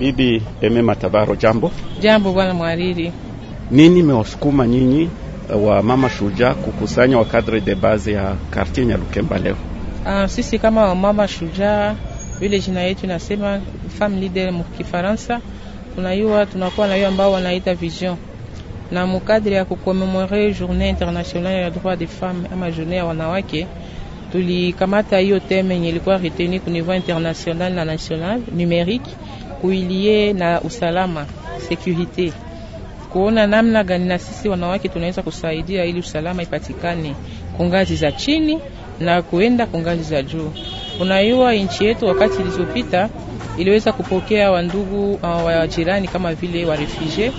Bibi Eme Matabaro, jambo. Jambo bwana mwariri. Nini mewasukuma nyinyi eh, wa mama shuja kukusanya wa kadre de base ya quartier Nyalukemba leo? Uh, sisi kama wa mama shuja vile jina yetu nasema femme leader mu Kifaransa, tunayua tunakuwa na hiyo ambao wanaita vision na mukadri ya kukomemore journée internationale ya droit des femmes ama journée ya wanawake, tulikamata hiyo teme yenye ilikuwa retenu ku niveau international na national numérique kuilie na usalama security, kuona namna gani na sisi wanawake tunaweza kusaidia ili usalama ipatikane ngazi za chini na kuenda ngazi za juu. Unaiwa nchi yetu wakati ilizopita iliweza kupokea wandugu uh, wa jirani kama vile wa refugee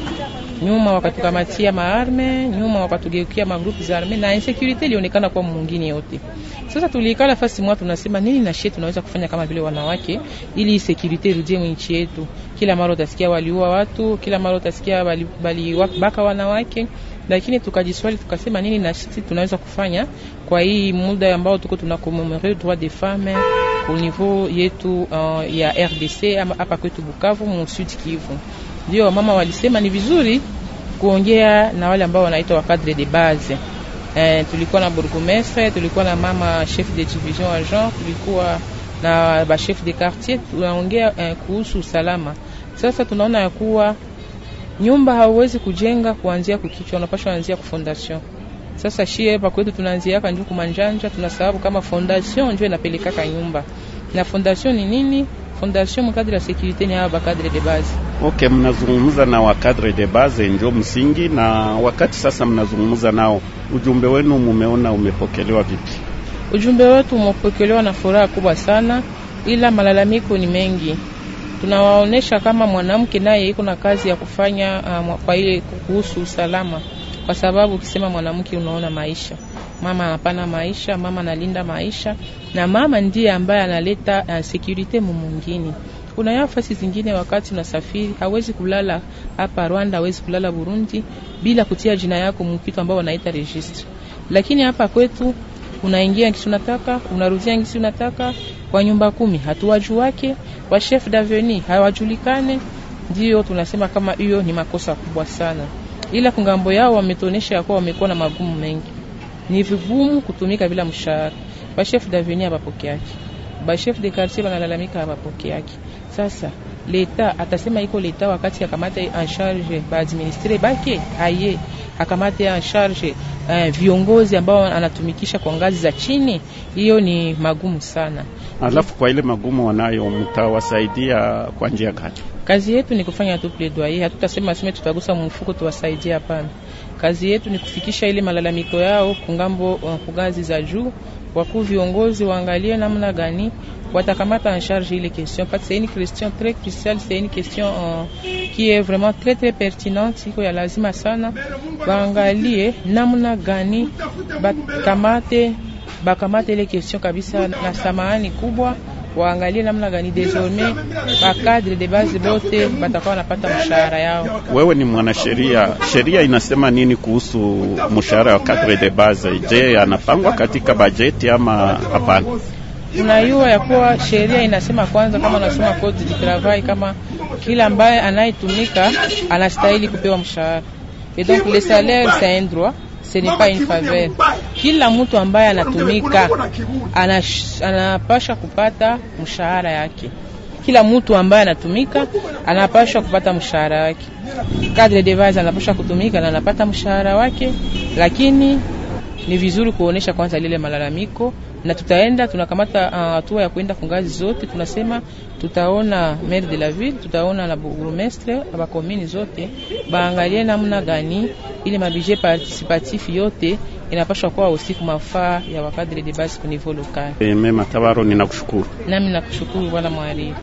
nyuma wakatukamatia maarme nyuma wakatugeukia magrupu za arme na insecurity ilionekana kwa mwingine yote. Sasa tuliikala fasi mwa tunasema nini na shie tunaweza kufanya kama vile wanawake, ili insecurity irudie mwinchi yetu. Kila mara utasikia waliua watu, kila mara utasikia bali, bali baka wanawake, lakini tukajiswali tukasema nini na shie tunaweza kufanya kwa hii muda ambao tuko tunakomemore droit des femmes au niveau yetu uh, ya RDC ama hapa kwetu Bukavu mu Sud Kivu. Ndio mama walisema ni vizuri kuongea na wale ambao wanaitwa wa cadre de base. Eh, tulikuwa na burgomestre, tulikuwa na mama chef de division agent, tulikuwa na ba chef de quartier, tunaongea eh, kuhusu usalama. Sasa tunaona ya kuwa nyumba hauwezi kujenga kuanzia kukichwa, unapaswa kuanzia kufondation. Sasa shie hapa kwetu tunaanzia hapa ndio kumanjanja, tunasababu kama fondation ndio inapelekaka nyumba na fondation ni nini? Fondation mkadre ya security ni hawa bakadre de base. Okay, mnazungumza na wakadre de base ndio msingi. Na wakati sasa mnazungumza nao, ujumbe wenu mumeona umepokelewa vipi? Ujumbe wetu umepokelewa na furaha kubwa sana, ila malalamiko ni mengi. Tunawaonesha kama mwanamke naye iko na kazi ya kufanya, uh, kwa ile kuhusu usalama, kwa sababu ukisema mwanamke unaona maisha mama anapana maisha, mama analinda maisha, na mama ndiye ambaye analeta uh, sekurite mumungini kuna ya fasi zingine wakati unasafiri, hawezi kulala hapa Rwanda, hawezi kulala Burundi bila kutia jina yako mkitu ambao wanaita registre. Lakini hapa kwetu unaingia ngisi unataka, unarudia ngisi unataka, kwa nyumba kumi hatuwaju wake wa chef d'aveni hawajulikane. Ndio tunasema kama hiyo ni makosa kubwa sana, ila kungambo yao wametuonesha ya kuwa wamekuwa na magumu mengi ni vigumu kutumika bila mshahara. Ba Bashefu daveni abapokeaki, chef de quartier banalalamika abapokeaki. Sasa leta atasema iko leta wakati akamata en charge ba administrer bake aye akamate en charge eh, viongozi ambao anatumikisha kwa ngazi za chini, hiyo ni magumu sana. Alafu kwa ile magumu wanayo, mtawasaidia kwa njia gani? Kazi yetu ni kufanya tu plaidoyer, hatutasema sema tutagusa mfuko tuwasaidie, hapana. Kazi yetu ni kufikisha ile malalamiko yao kungambo uh, kugazi za juu, wakuu viongozi waangalie namna gani watakamata en charge ile question, parce que c'est une question tres cruciale, c'est une question uh, qui est vraiment tres tres pertinente, iko ya lazima sana. Waangalie namna gani bakamate bakamate ile question kabisa na samahani kubwa waangalie namna gani desorme cadre de base bote batakuwa wanapata mshahara yao. Wewe ni mwanasheria, sheria inasema nini kuhusu mshahara wa cadre de base? Je, anapangwa katika bajeti ama hapana? Unayua ya kuwa sheria inasema kwanza, kama unasoma code du travail, kama kila ambaye anayetumika anastahili kupewa mshahara, et donc le salaire c'est un droit, ce n'est pas une faveur kila mtu ambaye anatumika anapasha kupata mshahara yake. Kila mtu ambaye anatumika anapasha kupata mshahara wake. Cadre de base anapasha kutumika na anapata mshahara wake, lakini ni vizuri kuonesha kwanza lile malalamiko na tutaenda tunakamata uh, hatua uh, ya kwenda kungazi zote. Tunasema tutaona maire de la ville, tutaona na burgomestre ba commune zote baangalie namna gani ile mabije participatif yote inapaswa kuwa usiku mafaa ya wakadre de base ku niveau local. Eh, mema Tabaro, ninakushukuru. Nami nakushukuru bwana mwalimu.